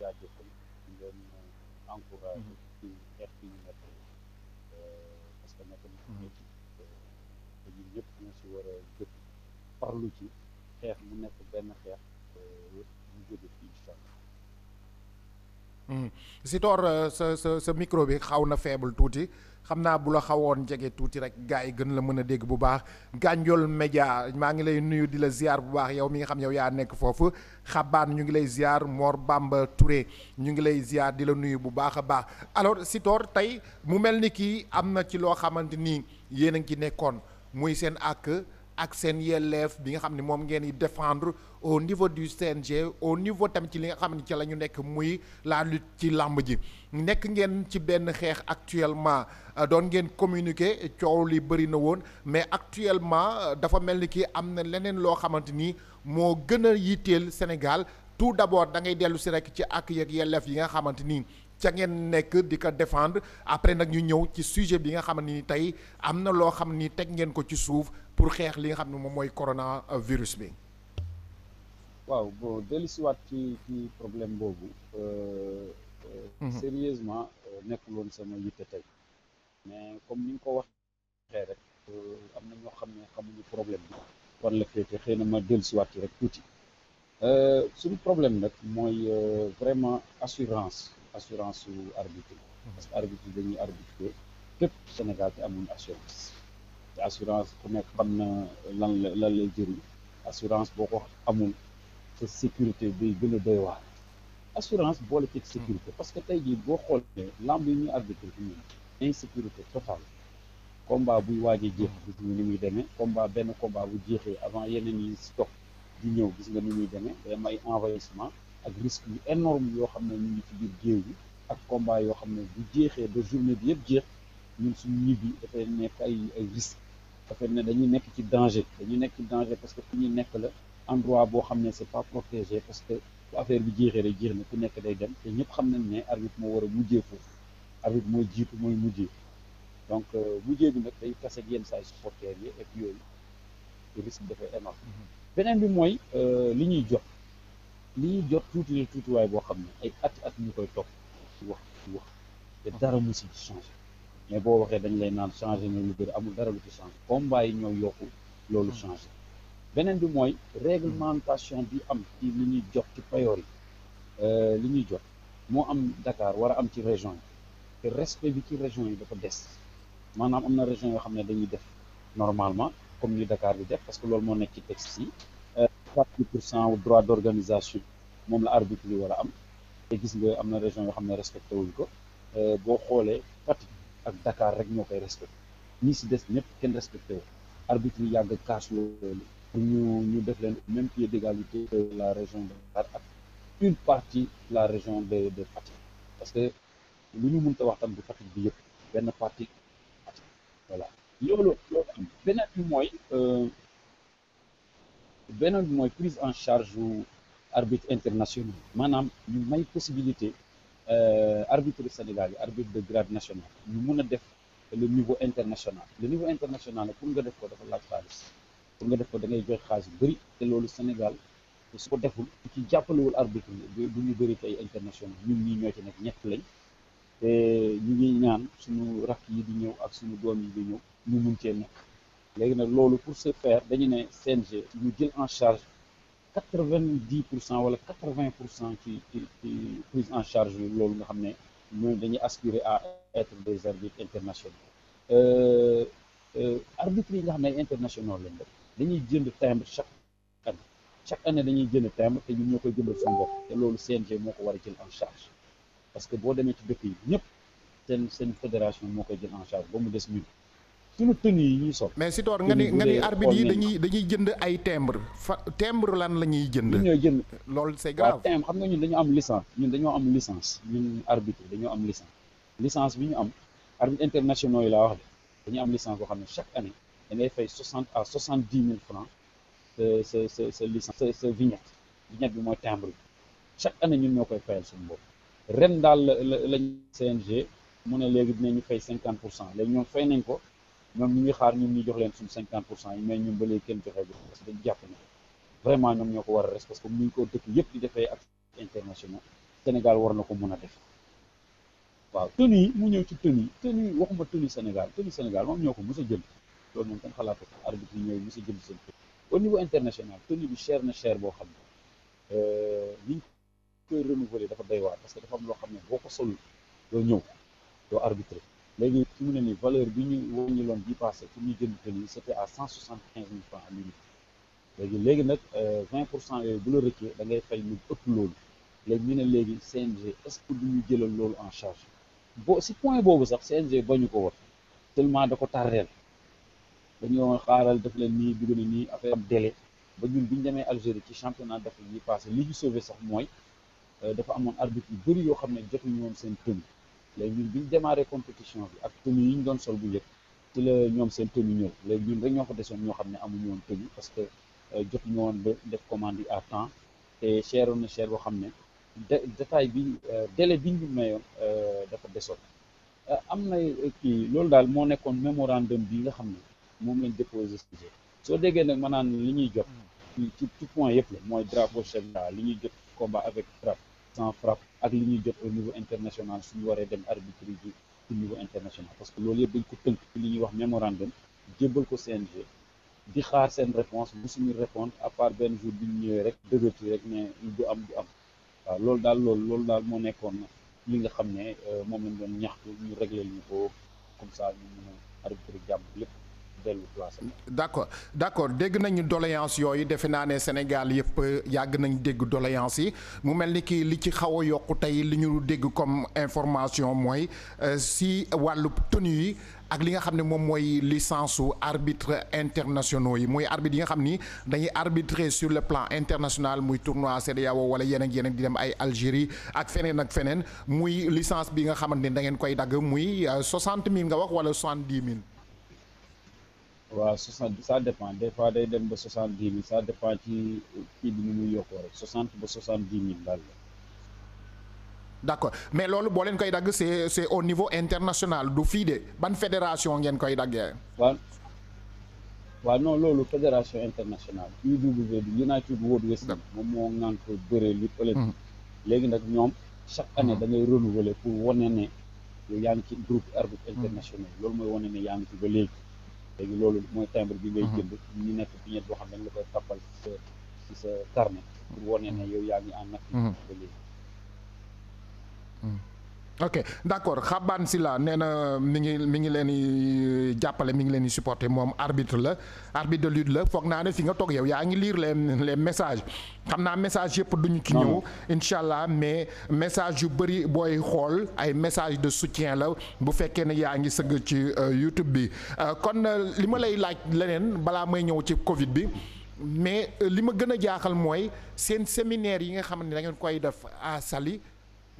jaajëfal di leen encouragé mhm. ci xeex bi ñu nekk euh, parce que nekk na mhm. ñëpp dañu ñëpp ñu si war a jëpp farlu ci xeex mu nekk benn xeex euh, mu jóge Hmm. Sitor euh, sa sa sa micro bi xaw na faible tuuti xam naa bu la xawoon jege tuuti rek gars yi gën la mën a dégg bu baax Gandiol Média maa ngi lay nuyu di la ziar bu baax yow mi nga xam yow yaa nekk foofu xabaan ñu ngi lay ziar moor Bamba Touré ñu ngi lay ziar di la nuyu bu baax a baax alors Sitor tey mu mel ni kii am na ci loo xamante ni yéen a ngi ci nekkoon muy seen ak ak seen yelleef bi nga xam ne moom ngeen di défendre au niveau du CNG au niveau tamit ci li nga xam ne ci la ñu nekk muy la ci làmb ji nekk ngeen ci benn xeex actuellement euh, doon ngeen communiquer coow li bëri na woon mais actuellement euh, dafa mel ni kii am na leneen loo xamante ni moo gën a yitteel Sénégal tout d'abord da ngay dellu si rek ci ak yeeg yelleef yi nga xamante nii ca ngeen nekk di ko défendre après nag ñu ñëw ci sujet bi nga xam ni tey am na loo xam ni teg ngeen ko ci suuf pour xeex li nga xam ne moom mooy coronavirus bi. waaw bon dellusiwaat ci ci problème boobu. Euh, mhm. euh, sérieusement euh, nekkul woon sama yitte tey mais comme ni nga ko waxee rek am na ñoo xam ne xamuñu problème bi. kon la xëy na ma dellusiwaat ci rek tuuti suñ problème nag mooy vraiment assurance. assurance su arbitre parce que arbitre dañuy arbitrer képp Sénégal te amul assurance te assurance ku nekk xam na lan la lan lay jëriñ assurance boo ko amul te sécurité day gën a doy waar assurance boole ci sécurité parce que tey jii boo xoolee lamb yi ñuy arbitre fi ñun insécurité totale combat buy waaj a jeex gis nga ni muy demee combat benn combat bu jeexee avant yeneen yi stop di ñëw gis nga ni muy demee day may envahissement ak risque yu énorme yoo xam ne ñu ngi ci biir géew bi ak combat yoo xam ne bu jeexee ba journée bi yëpp jeex ñun suñu ñibbi dafay nekk ay ay risque dafay ne dañuy nekk ci danger dañuy nekk ci danger parce que fu ñuy nekk la endroit boo xam ne c'est pas protégé parce que bu affaire bi jeexee rek jeex ne ku nekk day dem te ñëpp xam nañ ne arbitre moo war a mujjee foofu arbitre mooy jiitu mooy mujjee donc euh, mujjee bi nag tey tase ak yenn saa supporters yi et yooyu risque dafay énorme mm-hmm. beneen bi mooy euh, li ñuy jot ñu jot tuuti la tuutiwaay boo xam ne ay at at ñu koy topp wax wax te dara musi changé mais boo waxee dañu lay naan changé na lu bëri amul dara lu ci changé combat yi ñoo yokku loolu hmm. changé beneen bi mooy réglementation bi am ci li ñuy jot ci payoor yi euh, li ñuy jot moo am dakaar war am ci région yi te respect bi ci région yi dafa des maanaam am na région yoo xam ne dañuy def normalement comme ni Dakar di def parce que loolu moo nekk ci texte yi 30 pour cent droit d' organisation moom la arbitre yi war am te gis nga am na région yoo xam ne respecté wuñ ko euh, boo xoolee Fatick ak Dakar rek moo koy respecté ñi si des ñëpp kenn respecté wu arbitre yi yàgg kaas loolu pour ñu ñu def leen même pied d'égalité de la région de Dakar ak une partie la région de de Fatick parce que lu ñu munta wax tam bu Fatick bi yëpp benn partie Fatick voilà loolu loolu am beneen bi mooy euh, beneen bi mooy prise en charge arbitre internationaux maanaam ñu may possibilité euh, arbitre Sénégal yi arbitre de grade national ñu mun a def le niveau international le niveau international nag pour nga def ko dafa laaj xaalis pour nga def ko dangay ngay jox xaalis bëri te loolu Sénégal su ko deful ci jàppalewul arbitre du ñu bëri tey international ñun ñii ñoo ci nekk ñett lañ te ñu ngi ñaan suñu rakk yi di ñëw ak suñu doom yi di ñëw ñu mun cee léegi nag loolu pour ce faire dañu ne CNG ñu jël en charge quatre vingt dix pour cent wala quatre vingt pour cent ci ci ci prise en charge loolu nga xam ne ñoom dañuy aspirer à être des arbitres internationaux euh, euh, arbitres yi nga xam ne internationaux lañ def dañuy jënd timbre chaque année chaque année dañuy jënd timbre te ñun ñoo koy jëndal suñu bopp te loolu CNG moo ko war jël en charge parce que boo demee ci dëkk ñëpp seen seen fédération moo koy jël en charge ba mu des ñun suñu tenue yi ñuy sol. mais si toor nga ni nga ni arbitre yi dañuy dañuy jënd ay timbre fa timbre lan la ñuy jënd. ñun ñooy jënd loolu c'est grave. timbre xam nga ñun dañu am licence ñun dañoo am licence ñun arbitre dañoo am licence licence bi ñu am arbitre internationaux yi laa wax dañu am licence boo xam ne chaque année da ngay fay soixante à soixante dix mille francs sa sa sa sa licence sa sa vignette vignette bi mooy timbre chaque année ñun ñoo koy fayal suñu bopp ren daal la la lañ CNG mu ne léegi ñu fay cinquante pour cent léegi ñoom fay nañ ko. ñoom ñu ngi xaar ñoom ñu jox leen suñ cinquante pour cent yi mais ñun ba léegi kenn joxee bi parce que dañ jàpp ne vraiment ñoom ñoo ko war a res parce que mu ngi ko dëkk yëpp war na ko mën a def waaw tenu yi mu ñëw ci tenu yi tenu yi waxuma tenu Sénégal moom ñoo ko mës a jël loolu moom ko arbitre yi ñooy mës a jël seen tenu au niveau international tenu bi cher na cher boo xam ne euh, ni ñu koy dafa doy waar parce que dafa am loo xam ne boo ko solul loo ñëw doo arbitré léegi fi mu ne nii valeur bi ñu wàññi loon bi passé pour ñu jënd tëli c'était à cent soixante quinze mille francs à léegi léegi nag euh, vingt pour cent yooyu bu la rëccee da ngay fay lu ëpp loolu léegi ñu ne léegi CNG est-ce ñu jëlal loolu en charge boo si point boobu sax CNG ñu ko war tellement da ko tardeel dañoo xaaral def leen nii dugg na nii affaire am délai ba ñun bi ñu demee Algérie ci championnat d'Afrique yi passé lii ñu sauvé sax mooy euh, dafa amoon arbitre yu bëri yoo xam ne jotuñu woon seen tënk léegi ñun bi ñu démarré compétition bi ak tenue yi ñu doon sol bu njëkk ci la ñoom seen tenue ñëw léegi rek ñoo ko desoon ñoo xam ne amuñu woon tenue parce que euh, jotuñu woon ba def commande yi à temps te cheroon na cher boo xam ne de détail bi euh, délai bi ñu mayoon euh, dafa desoon am na kii loolu daal moo nekkoon mémorandum bi nga xam ne moom lañ déposé sujet soo déggee nag naan li ñuy jot mm. ci ci point yëpp la mooy drapeau chef li ñuy jot combat avec drapeau sans frappe ak li ñuy jot au niveau international suñu waree dem arbitre ji au niveau international parce que loolu yëpp dañ ko tënk ci li ñuy wax mémorandum jébbal ko CNG di xaar seen réponse bu suñu répondre à part benn jour bi ñu ñëwee rek dëgërti rek ne du am du am waaw loolu daal lool loolu daal moo nekkoon li nga xam ne euh, moom lañ doon ñaxtu ñu réglé ñu ko comme ça ñu mën a arbitre jàmm lépp dellu placé. d' accord d' accord dégg nañu doléance yooyu defe naa ne Sénégal yëpp euh, yàgg nañ dégg doléance yi mu mel ni kii li ci xaw a yokku tey li ñu dégg comme information mooy euh, si wàllu tenue yi ak li nga xam ne moom mooy licence su arbitre internationaux yi mooy arbitre yi nga xam ni dañuy arbitrer sur le plan international muy tournoi CEDEAO wala yeneen yeneen di dem ay Algérie ak feneen ak feneen muy licence bi nga xamante ne da ngeen koy dagg muy euh, soixante mille nga wax wala soixante dix mille. waaw soixante sa dépend des fois day dem ba soixante dix mille sa dépend ci kii bi nu muy yokkoo rek soixante ba soixante dix mille daal la. d' accord mais loolu boo leen koy dagg c' est au niveau international du fii de ban fédération ngeen koy daggee. waaw waaw non loolu fédération internationale UW bi United World Wrestling moom moo ŋànk bëree lutte olympique. Mhm. léegi nag ñoom chaque année mhm. da ngay renouveler pour wane ne yow yaa ngi ci groupe arbitre mhm. international loolu mooy wane ne yaa ngi ci ba léegi. léegi loolu mooy timbre bi ngay jënd ñu nekk vignette boo xam ne dañ la koy tappal ci sa ci sa carnet pour wane ne na yaa ngi en activité ba ok d' accord Xabane Sila nee na euh, mi ngi mi ngi leen di euh, jàppale mi ngi leen di supporter moom arbitre la arbitre de lutte la foog naa ne fi nga toog yow yaa ngi liir leen les message xam naa message yëpp duñu ci ñëw incha allah mais message yu bëri booy xool ay message de soutien la bu fekkee ne yaa ngi sëgg ci euh, YouTube bi kon li ma lay laaj leneen balaa may ñëw ci Covid bi mais li ma gën a jaaxal mooy seen séminaire yi nga xam ne dangeen koy def à Saly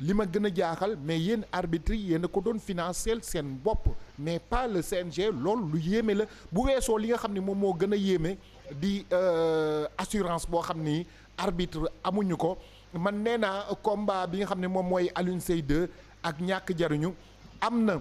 li ma gën a jaaxal mais yéen arbitre yi yéen a ko doon financer seen bopp mais pas le CNG lool lu yéeme la bu weesoo li nga xam ni moom moo gën a yéeme di euh, assurance boo xam ni arbitre amuñu ko man nee naa combat bi nga xam ne moom mooy Alioune Seye 2 ak ñàkk jariñu am na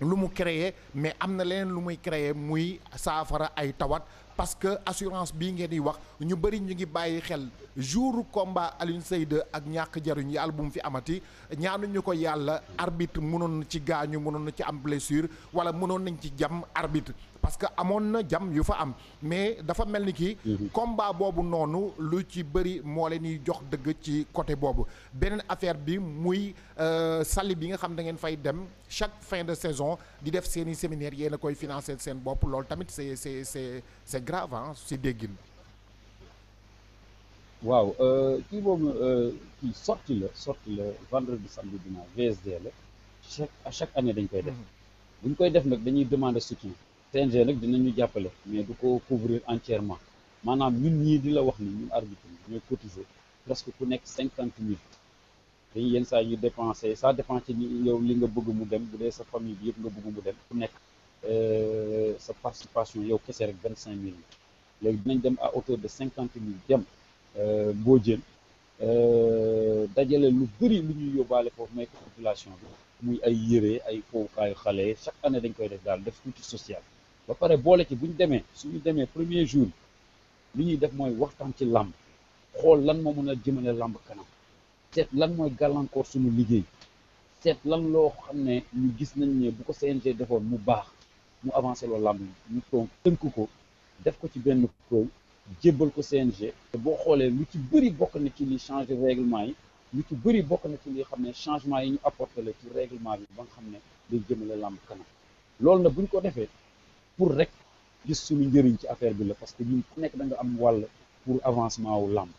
lu mu créer mais am na leneen lu muy créer muy saafara ay tawat parce que assurance bii ngeen di wax ñu bëri ñu ngi bàyyi xel jouru combat Alioune Seye ak ñàkk jaruñ yàlla bu mu fi amati ñaanuñu ko yàlla arbitre mënoon na ci gaañu mënoon na ci am blessure wala mënoon nañ ci jam arbitre parce que amoon na jam yu fa am mais dafa mel ni kii mhm. combat boobu noonu lu ci bëri moo leen di jox dëgg ci côté boobu beneen affaire bi muy euh, sali bi nga xam da ngeen fay dem chaque fin de saison di def seen i séminaire yéen a koy financer seen bopp loolu tamit c'est c'est c'est c'est grave si déggin waaw euh, kii boobu euh, kii sorti la sorti la vendredi samedi dimanche VSD la chaque à chaque année dañ koy def mhm. buñ koy def nag dañuy demander soutien CNG nag dinañu jàppale mais du ko couvrir entièrement maanaam ñun ñii di la wax nii ñun arbitre yi ñooy cotiser presque ku nekk cinquante mille dañ yenn saa ñu dépensé ça dépend ci yow li nga bëgg mu dem bu dee sa famille bi yëpp nga bëgg mu dem ku nekk euh, sa participation yow kese rek vingt cinq mille léegi dinañ dem à hauteur de cinquante mille dem euh, boo jël euh, dajale lu bëri lu ñuy yóbbaale foofu may ko population bi muy ay yére ay fowukaayu xale chaque année dañ koy def daal def tuuti social ba pare boole ci bu ñu demee suñu demee premier jour li ñuy def mooy waxtaan ci làmb xool lan moo mën a jëmale làmb kanam seet lan mooy gàllankoor suñu liggéey seet lan loo xam ne ñu gis nañ ne bu ko CNG defoon mu baax mu avancé loo làmb ñu toog tënk ko def ko ci benn kuréel jébbal ko CNG te boo xoolee lu ci bëri bokk na ci li changé règlement yi lu ci bëri bokk na ci li xam ne changement yi ñu apporté la ci règlement bi ba nga xam ne day jëmale làmb kanam loolu nag buñ ko defee pour rek gis suñu njëriñ ci affaire bi la parce que ñun ku nekk da am wàll pour avancement wu làmb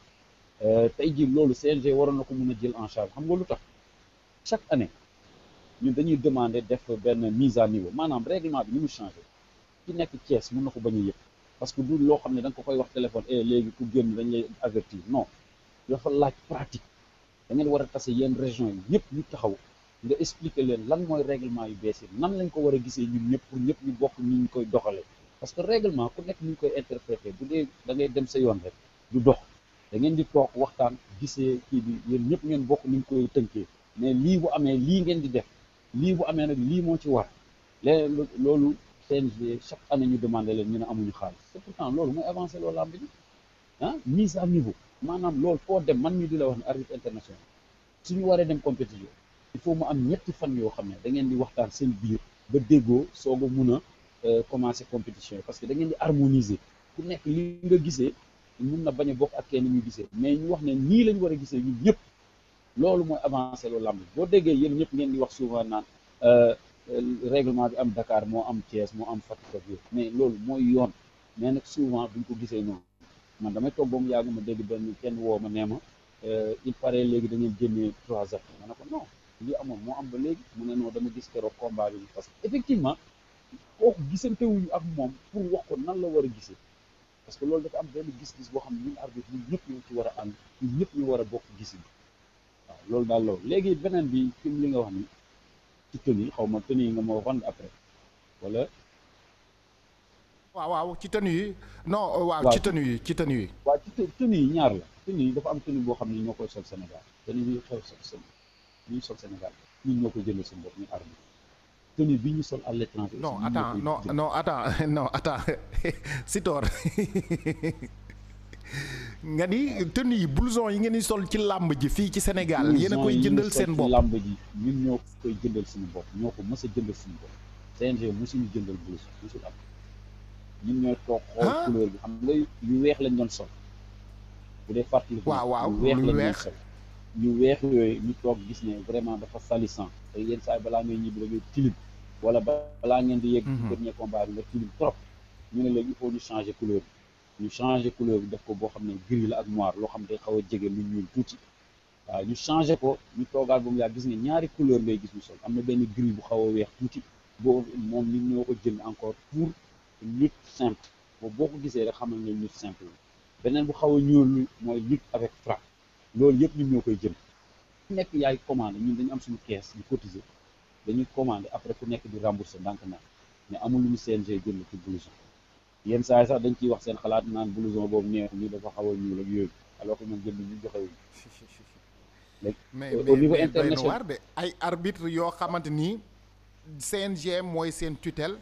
euh, tey jii loolu CNG waroon na ko mën a jël en charge xam nga lu tax chaque année ñun dañuy demander def benn mise à niveau maanaam règlement bi ni mu changé ki nekk Thiès mën na ko bañ a yëg parce que du loo xam ne da ko koy wax téléphone eh léegi ku génn dañ lay avertir non dafa laaj pratique da ngeen war a tase yenn région yi yëpp ñu taxaw. nga expliqué leen lan mooy réglement yu bees yi nan lañ ko war a gisee ñun ñëpp pour ñëpp ñu bokk ni ñu koy doxalee parce que réglement ku nekk ni ñu koy interpréter bu dee da ngay dem sa yoon rek du dox dangeen di toog waxtaan gisee kii bi yéen ñëpp ngeen bokk ni ñu koy tënkee mais lii bu amee lii ngeen di def lii bu amee nag lii moo ci war léeg loolu CNG chaque anne ñu demandé leen ñu ne amuñu xaalis te pourtant loolu mooy avancé loolu làmb ji ah mise à maanaam loolu foo dem man ñu di la wax ne arbitre international suñu waree dem compétition il faut mu am ñetti fan yoo xam ne da ngeen di waxtaan seen biir ba déggoo soo a mun a euh, commencer compétition yi parce que da ngeen di harmoniser ku nekk li nga gisee mun na bañ a bokk ak kenn ñu gisee mais ñu wax ne nii lañu war a gisee ñun ñëpp loolu mooy avancé lu làmb boo déggee yéen ñëpp ngeen di wax souvent naan euh, règlement bi am Dakar moo am Thiès moo am Fatick ak mais loolu mooy yoon mais nag souvent duñ ko gisee noonu man damay toog ba mu dégg benn kenn woo ma nee ma euh, il paraît léegi da ngeen génnee trois heures ma ne ko li amoon moo am ba léegi mu ne non dama gis keroog combat bi parce que effectivement kooku gisante wuñu ak moom pour wax ko nan la war a gisee parce que loolu dafa am benn gis-gis boo xam ne ñun arbitre ñun ñëpp ñu ci war a ànd ñu war a bokk gis bi loolu daal loolu léegi beneen bi li nga wax ni ci tenue yi xaw ma tenue yi nga ma waxoon après wala. waaw waaw ci tenue yi non euh, waaw ci tenue yi ci tenue yi. yi ñaar la tenue yi dafa am tenue boo xam ne ñoo koy sol Sénégal tenue yi xew sol Sénégal. bi ñu sol Sénégal ñun ñoo ko jëndee suñu bopp ñu armé bi ñu sol à l'étranger. non attends non non attends non nga ni yi blouson yi sol ci làmb ji fii ci Sénégal yéen a koy jëndal seen bopp làmb ji ñoo suñu bopp ñoo ko mës a jëndal suñu bopp CNG mosuñu weex lañ doon sol bu dee fàttali waaw waaw lu weex ñu weex yooyu ñu toog gis ne vraiment dafa salissant te yenn saa yi balaa ngay ñibbi da ngay tilim wala balaa ngeen di yegg ci dernier mhm. combat bi nga tilim trop ñu ne léegi il faut ñu changer couleur bi ñu changer couleur bi def ko boo xam ne gris la ak noir loo xam ne day xaw a jege lu ñuul tuuti waaw ñu changer ko ñu toogaat ba mu yaa gis ne ñaari couleur ngay gis ñu sol am na benn gris bu xaw a weex tuuti boo moom nit ñoo ko jënd encore pour lutte simple boobu boo ko gisee rek xamal ne lutte simple beneen bu xaw a ñuul mooy lutte avec loolu yëpp ñu ñoo koy jënd ku nekk yaay commande ñun dañu am suñu caisse ñu cotiser dañuy commandé après ku nekk di remboursé ndànk na mais amul lu ñu CNG jënd ci blouson yenn saa yi sax dañ ciy wax seen xalaat naan blouson boobu neexu ñu dafa xaw a ñuul ak yooyu alors que ñun jënd ñu joxewuñu mais au niveau international de ay arbitre yoo xamante nii CNG mooy seen tutel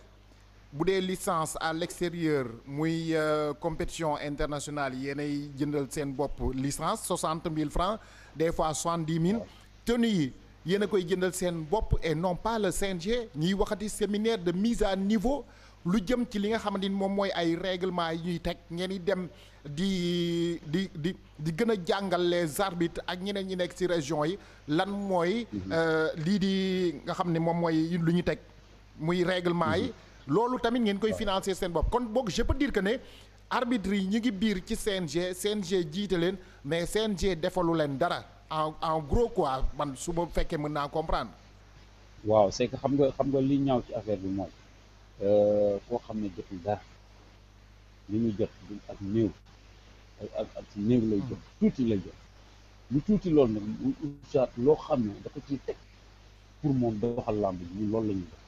bu dee licence à l'extérieur muy euh, compétition internationale yéenay jëndal seen bopp licence soixante mille francs des fois soixante dix mille tenue yi yéen a koy jëndal seen bopp et non pas le CNG ñuy waxati séminaire de mise à niveau lu jëm ci li nga xamante ni moom mooy ay réglement yi ñuy teg ngeen di dem di di di di gën a jàngal les arbitres ak ñeneen ñi nekk ci région yi lan mooy mhm. euh, lii di nga xam ni moom mooy lu ñu teg muy règlement yi mhm. loolu tamit ngeen koy financer seen bopp kon boog je peux dire que ne arbitre yi ñu ngi biir ci CNG CNG jiite leen mais g defalu leen dara en en gros quoi man su ma fekkee mën naa comprendre. waaw c'est que xam nga xam nga li ñaaw ci affaire bi moom koo euh, xam ne jotul dara li muy jot ak néew ak ak lay jot hmm. tuuti lay jot lu tuuti loolu nag loo xam ne da ko ciy teg pour moom doxal làmb bi loolu la ñuy def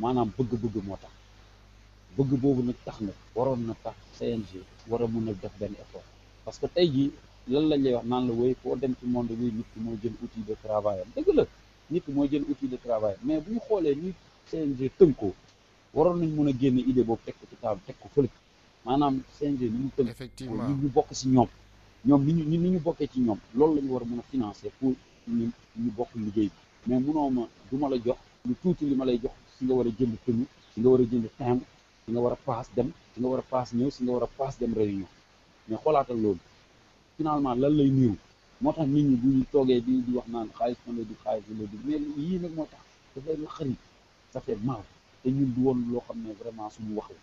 maanaam bëgg-bëgg moo tax bëgg boobu nag tax na waroon na tax CNG war a mën a def benn effort parce que tey jii lan lañ lay wax naan la woy foo dem ci monde bi nit ki mooy jël outil de travail am dëgg la nit mooy jël outil de travail mais bu ñu xoolee ni CNG tënkoo waroon nañ mën a génne idée boobu teg ko ci table teg ko fële maanaam CNG ni ñu tënk effectivement ñu bokk si ñoom ñoom ni ñu ni ñu bokkee ci ñoom loolu la ñu war a mën a financer pour ñu ñu liggéey bi mais mënoo ma du ma la jox lu tuuti li ma lay jox si nga war a jënd tenue si nga war a jënd timbre nga war a paas dem si nga war a paas ñëw si nga war a paas dem réunion mais xoolaatal loolu finalement lan lay niiru moo tax nit ñi bu toogee di di wax naan xaalis man la di xaalis man di mais yii moo tax daf lay naqari ça du woon loo xam ne vraiment suñu wax la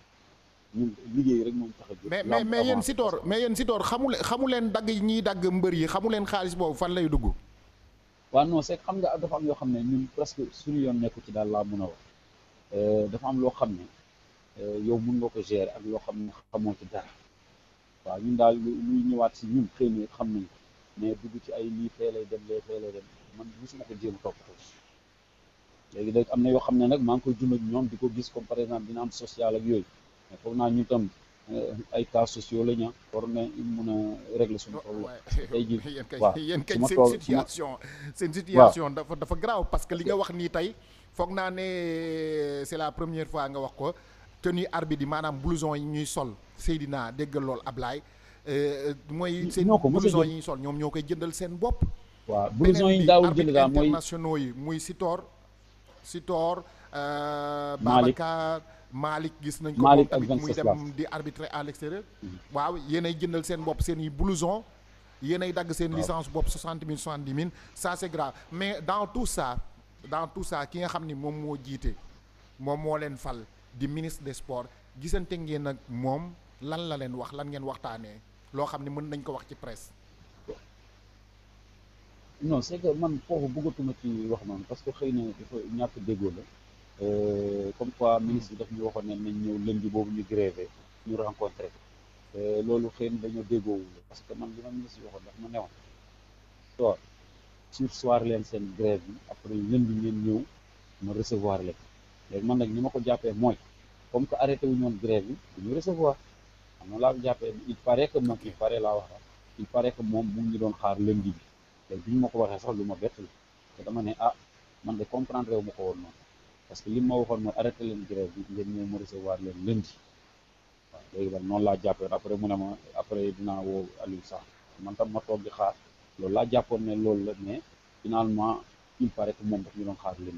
ñun liggéey rek moom a jóg. mais mais si Sitor mais yéen Sitor xamu leen xamu leen dagg yi ñuy dagg mbër yi xamu leen xaalis boobu fan lay dugg. waaw non c'est xam nga dafa am yoo xam ne ñun presque suñu yoon nekku ci daal laa mën a wax. Euh, dafa am loo xam ne euh, yow mun nga ko gérer ak loo xam ne xamoo ci dara waaw ñun daal luy ñëwaat si ñun xëy xam nañ mais dugg ci ay lii lay dem lee fee man gisuma ko jéem toppatoo léegi nag am na yoo xam ne nag maa ngi koy dund ñoom di ko gis comme par exemple dina am social ak yooyu mais foog naa ñu tam euh, ay cas sociaux la ñu ah, war na mun a régler suñu problème tey jii waaw yéen kañ seen situation seen situation dafa dafa grave parce que li nga wax nii tey foog naa ne euh, c'est la première fois nga wax ko tenue arbitre di maanaam blouson yi ñuy sol Seydina déggal lool ab Ablaye euh, mooy seen blouson yi ñuy sol ñoom ñoo koy jëndal seen bopp waaw blouson yi daawul jënd daal mooy internationaux yi muy Sitor Sitor euh, Babacar Malick gis nañ ko Malick ak muy dem di arbitrer à l'extérieur mhm. waaw yéenay jëndal seen bopp seen yi blouson yéenay dagg seen licence bopp soixante mille soixante dix mille ça c'est grave mais dans tout saa dans tout ça ki nga xam ni moom moo jiite moom moo leen fal di ministre des sports gisante ngeen ak moom lan la leen wax lan ngeen waxtaanee loo xam ne mën nañ ko wax ci presse. non c'est que man foofu bëggatuma ci wax noonu parce que xëy na dafa ñàkk déggoo la euh, comme quoi ministre bi daf ñu waxoon ne nañ ñëw lundi boobu ñu grévé ñu rencontré euh, loolu xëy na dañoo déggoowul parce que man li ma ministre bi waxoon daf ma newoon. soir leen seen grève bi après lundi ngeen ñëw ma recevoir leen léegi man nag ni ma ko jàppee mooy comme que arrêté wu ñoon grève bi duñu recevoir xam nga laa ko jàppee il paraît que moom il laa wax il que moom mu ngi doon xaar lundi bi léegi bi ñu ma ko waxee sax lu ma bett te dama ne ah man de comprendre wu ma ko woon noonu parce que li ma waxoon mooy arrêté leen grève bi ngeen ñëw ma recevoir leen lundi waaw léegi noonu laa jàppee après mu ne ma après dinaa woo Aliou Sarr man tam ma toog di xaar loolu laa jàppoon ne loolu la mais finalement il paraît ñu doon xaar leen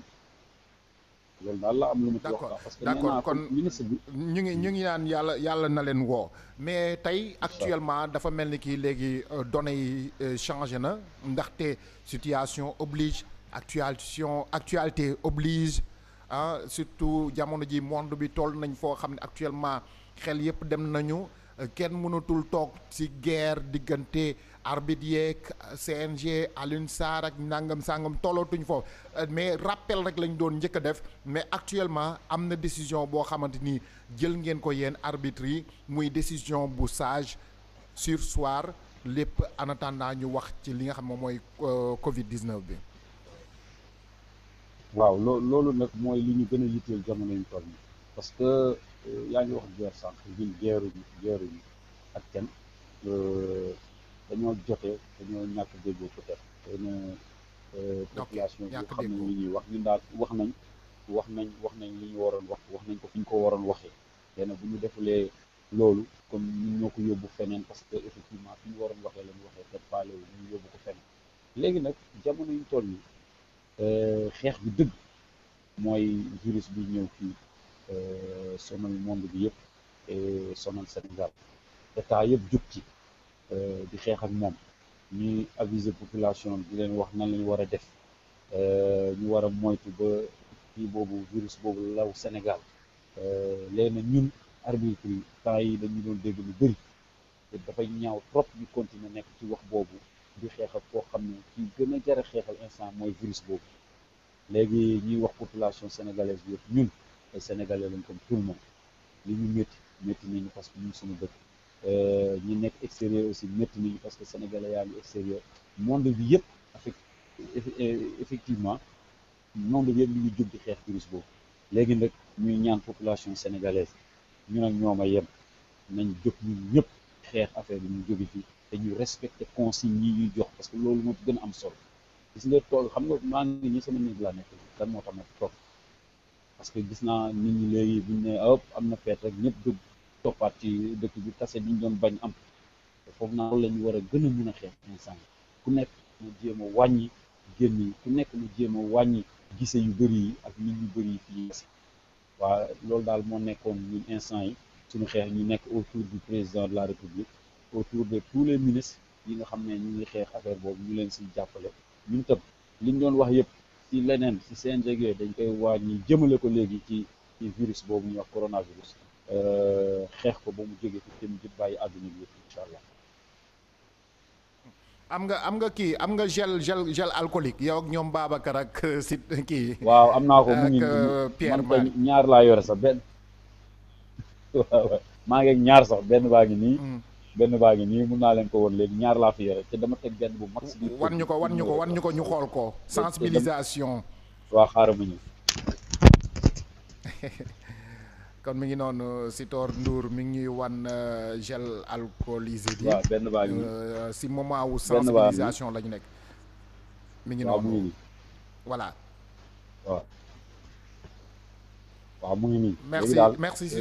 loolu la am lu ma ci wax parce que nee naa kon ñu ngi ñu ngi naan yàlla yàlla na leen woo mais tey actuellement dafa mel ni kii léegi euh, données yi euh, changé na ndaxte situation oblige actualisation actualité oblige ah surtout jamono ji monde bi toll nañ foo xam ne actuellement xel yëpp dem nañu euh, kenn mënatul toog ci guerre diggante arbitre yeeg CNG Alioune Sarr ak nangam sangam tollootuñ foofu euh, mais rappel rek lañ doon njëkk a def mais actuellement am na décision boo xamante ni jël ngeen ko yéen arbitre yi muy décision bu sage soir lépp en attendant ñu wax ci li nga xam ne mooy euh, Covid 19 bi. waaw loo loolu nag mooy li ñu gën a yitteel jamono ñu toll nii parce que euh, yaa ngi wax guerre sànq ville guerre bi guerre ak kenn. dañoo jotee dañoo ñàkk déggoo peut-être xëy na euh, population bi xam wax ñun daal wax nañ wax nañ wax nañ li ñu waroon wax wax nañ ko fi ñu ko waroon waxee xëy na bu ñu defulee loolu kon ñun ñoo ko yóbbu feneen parce que effectivement fi ñu waroon waxee la ñu waxee te faale wu ñu yóbbu ko feneen léegi nag jamono ñu toll nii euh, xeex bi dëgg mooy virus bi ñëw fii euh, sonal monde bi yëpp et sonal Sénégal état yëpp jub ci Euh, di xeex ak moom ñuy aviser population di leen wax nan lañu war a def euh, ñu war a moytu ba kii boobu virus boobu law Sénégal euh, leen nag ñun arbitre yi temps yi dañu doon dégg lu bëri dafay ñaaw trop ñu continuer nekk ci wax boobu di xeexal koo xam ne kii gën a jar xeexal instant mooy virus boobu léegi ñuy wax population sénégalaise bi yëpp ñun ay sénégalais lañ ko tout le li ñu métti métti nañu parce que ñun suñu dëkk Euh, ñu nekk extérieur aussi métti nañu parce que sénégalais yaa ngi extérieur monde bi yëpp affect euh, effectivement monde bi yëpp ñu ngi di xeex virus boobu léegi nag ñuy ñaan population sénégalaise ñu nag ñoom a yem nañ jóg ñu ñëpp xeex affaire bi ñu jóge fii te ñu respecté consigne yi ñuy jox parce que loolu moo gën a am solo gis nga tool xam nga maa ngi ñu sama néeg laa nekk kan moo tax ma toog parce que gis naa nit ñi léegi buñ ne ëpp am na feet rek ñëpp toppaat ci dëkk bi tase bi ñu doon bañ am te foofu naa lañu la ñu war a gën a mën a xeex instant ku nekk na jéem a wàññi génn yi ku nekk na jéem a wàññi gise yu bëri yi ak nit ñu bëri yi fii waa loolu daal moo nekkoon ñun instant yi suñu xeex ñu nekk autour du président la république autour de tous les ministres yi nga xam ne ñu ngi xeex affaire boobu ñu leen siy jàppale ñu ñun tam liñ doon wax yëpp ci leneen ci jegee dañ koy wàññi jëmale ko léegi ci ci virus boobu ñuy wax coronavirus xeex ko ba mu jóge fi te mu jëpp bàyyi àdduna bi yëpp incha allah. am nga am nga kii am nga gel gel gel alcoolique yow ak ñoom Babacar ak euh, si kii. waaw am naa ko mu ngi euh, Pierre man ñaar laa yore sax benn. maa ngi ñaar sax benn baa ngi nii. Mm. benn baa ngi nii mun naa leen ko woon léegi ñaar laa fi yore te dama teg benn bu mag. wan ñu ko wan ñu ko wan ñu ko ñu xool ko sensibilisation. waaw xaaral ma ñëw. kon mi ngi noonu Sitor nduur mi ngi ñuy wan euh, gel alcoolisé bi benn vague euh, si moment wu sensibilisation lañu nekk mi ngi noonu voilà waaw waaw mu ngi nii merci merci euh,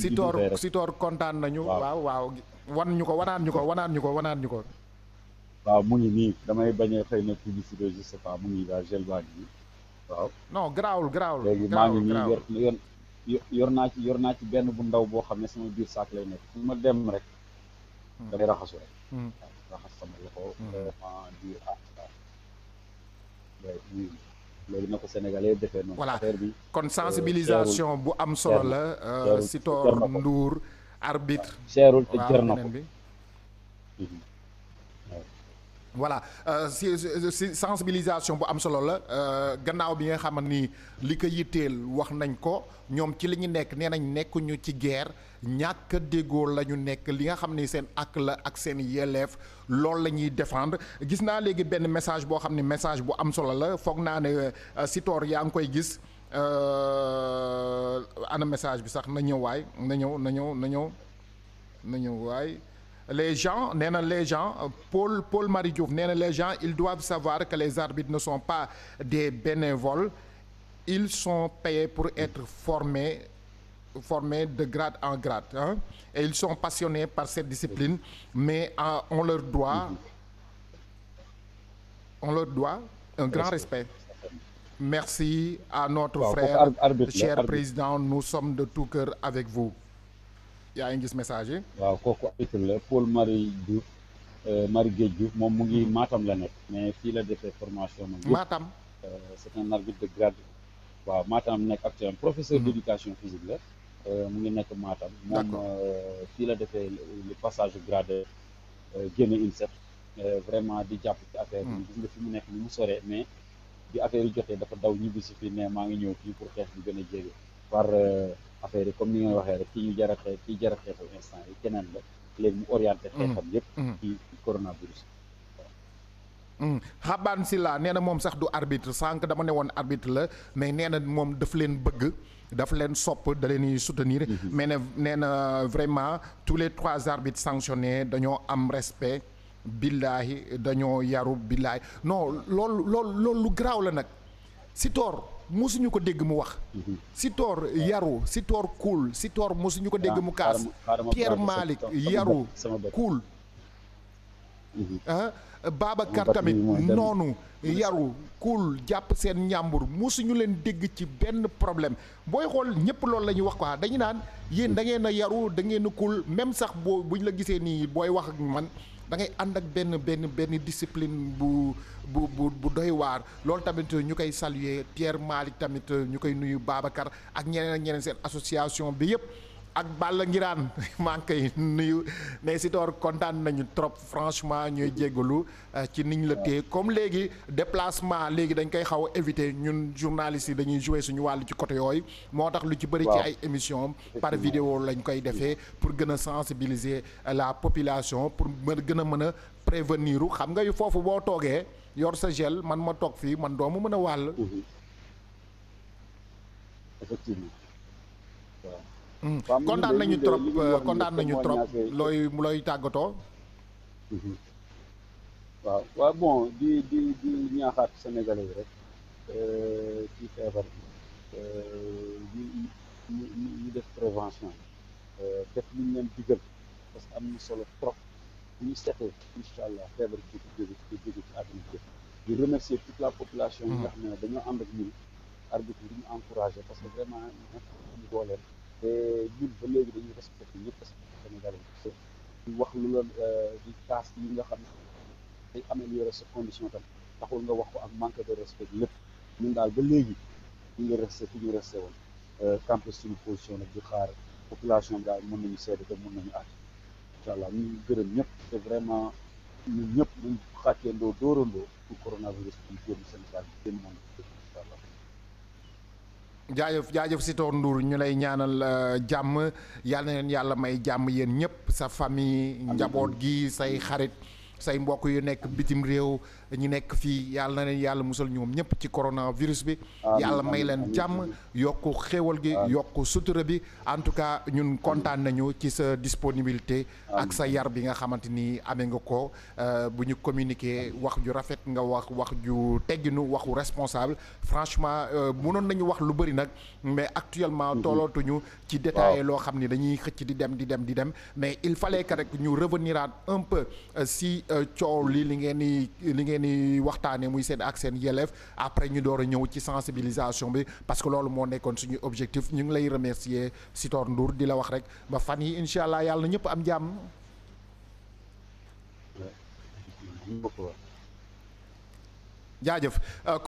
Sitor si Sitor kontaan nañu waaw waaw wan ñu ko wanaan ñu ko wanaan ñu ko wanaan ñu waaw mu ngi nii damay bañ xëy na publicité je sais pas mu ngi daal gel vague bi waaw non garaawul garaawul léegi maa yor naa ci yor naa ci benn bu ndaw boo xam ne sama biir saak lay nekk fu ma dem rek hmm. damay raxasu rek hmm. raxas sama loxo vraiment hmm. euh, biir ah, ah, ah. loolu na ko kon euh, sensibilisation bu am solo la euh, Sitor Ndour arbitre seerul te jar na ko voilà euh, si si sensibilisation bu am solo la euh, gannaaw bi nga xam ni li ko yitteel wax nañ ko ñoom ci li ñu nekk nee nañ nekkuñu ci guerre ñàkk déggoo la ñu nekk li nga xam ni seen ak la ak seen yelleef loolu la ñuy défendre gis naa léegi benn message boo xam ne message bu am solo la foog naa ne euh, si toor yaa ngi koy gis ana message bi sax na ñëw waay na ñëw na ñëw na ñëw na ñëw waay. les gens nee na les gens Paul Paul Marie Diouf nee les gens ils doivent savoir que les arbitres ne sont pas des bénévoles ils sont payés pour être formés formés de grade en grade hein et ils sont passionnés par cette discipline mais euh, on leur doit on leur doit un grand respect merci à notre frère cher président nous sommes de tout cœur avec vous yaa ngi gis message waaw kooku habitude la Paul Marie Diouf euh, Marie Gueye Diouf moom mu ngi maatam la nekk mais fii la defee formation. Matam euh, c'est un arbitre de grade. waaw Matam nekk actuellement professeur mm-hmm. d'éducation physique la. Euh, mu ngi nekk Matam. moom fii la defee le passage grade génn INSEP. vraiment di jàpp ci affaire bi. Mm-hmm. gis nga fi mu nekk ni mu soree mais. bi affaire yi jotee dafa daw ñibbi si fii ne maa ngi ñëw fii pour xeex bi gën a jege. par. affaire yi comme ni nga waxee rek kii ñu jar a instant yi keneen la léegi mu orienté mm-hmm. xeexam yëpp mm-hmm. ci coronavirus xabaan mm-hmm. si la nee na moom sax du arbitre sànq dama ne woon arbitre la mais nee na moom dafa leen bëgg dafa leen sopp da leen soutenir mais ne nee na vraiment tous les trois arbitres sanctionnés dañoo am respect billaahi dañoo yaru billaahi non loolu loolu lu garaaw la nag si toor mosuñu ko dégg mu wax mhm. Sitor yaru Sitor cool Sitor mosuñu ko dégg mu kaas Pierre Malick yaru cool ah Babacar tamit noonu yaru cool jàpp seen ñàmbur mosuñu leen dégg ci benn problème booy xool ñëpp loolu la ñuy wax quoi dañu naan yéen da ngeen yaru da ngeen a même sax boo buñ la gisee nii booy wax ak man da ngay ànd ak benn benn benn discipline bu bu bu bu doy waar loolu tamit ñu koy saluer Pierre Malick tamit ñu koy nuyu Babacar ak ñeneen ak ñeneen seen association bi yëpp ak Balla Ngiraan maa ngi koy nuyu mais si toor kontaan nañu trop franchement ñuy jéggalu euh, ci ñu la téye comme léegi déplacement léegi dañ koy xaw a éviter ñun journalistes yi dañuy jouer suñu wàllu ci côté yooyu moo tax lu ci bëri ci ay émission par vidéo lañ koy defee pour gën a sensibiliser euh, la population pour mën gën a mën a prévenir xam nga foofu boo toogee yor sa gel man ma toog fii man doomu mën a wàll mhm. effectivement waaw Mm. Euh, kontaan nañu trop kontaan nañu trop looy looy tàggatoo. Mhm. waaw waaw bon di di di ñaaxaat Sénégalais yi rek euh, ci feebar bi euh, ñu ñu ñu def prévention def li ñu leen digal parce que am na solo trop bu ñu seetee incha allah feebar bi di jóge di jóge ci di remercier toute la population. yi nga mm. ne dañoo ànd ak ñun arbitre bi ñu encouragé parce que vraiment ñu dooleel. te ñun ba léegi dañuy respecté ñëpp respecté Sénégalais yi di wax lu la euh, di taas nga xam day amélioré condition tam taxul nga wax ko ak manque de respect lépp ñun daal ba léegi ñu ngi resté fi ñu resté woon euh, campé suñu position nag di xaar population daal mën nañu seede te nañu aat incha allah gërëm ñëpp te vraiment ñun ñëpp ñu xàccee ndoo dóorandoo pour coronavirus bi génn Sénégal génn moom jaajëf jaajëf Sitor Ndour ñu lay ñaanal euh, jàmm yal na leen yàlla may jàmm yéen ñëpp sa famille njaboot gi say xarit say mbokk yu nekk bitim réew ñu nekk fii yàlla na yàlla musal ñoom ñëpp ci coronavirus bi yàlla may leen jàmm yokk xéwal gi yokku sutura bi en tout cas ñun kontaan nañu ci sa disponibilité ak sa yar bi nga xamante ni amee nga ko euh, bu ñu communiqué wax ju rafet nga wax wax ju tegginu waxu responsable franchement euh, munoon nañu wax lu bëri nag mais actuellement mm-hmm. toolootuñu ci détaillé loo xam ni dañuy xëcc di dem di dem di dem mais il fallait que rek ñu reveniraat un peu euh, ci euh, coow lii li ngeen di li ngeen di waxtaanee muy seen ak seen yelleef après ñu door a ñëw ci sensibilisation bi parce que loolu moo nekkoon suñu objectif ñu ngi lay remercier Sitor nduur di la wax rek ba fan yi incha allah yàlla na ñëpp am jàmm. jaajëf. Euh,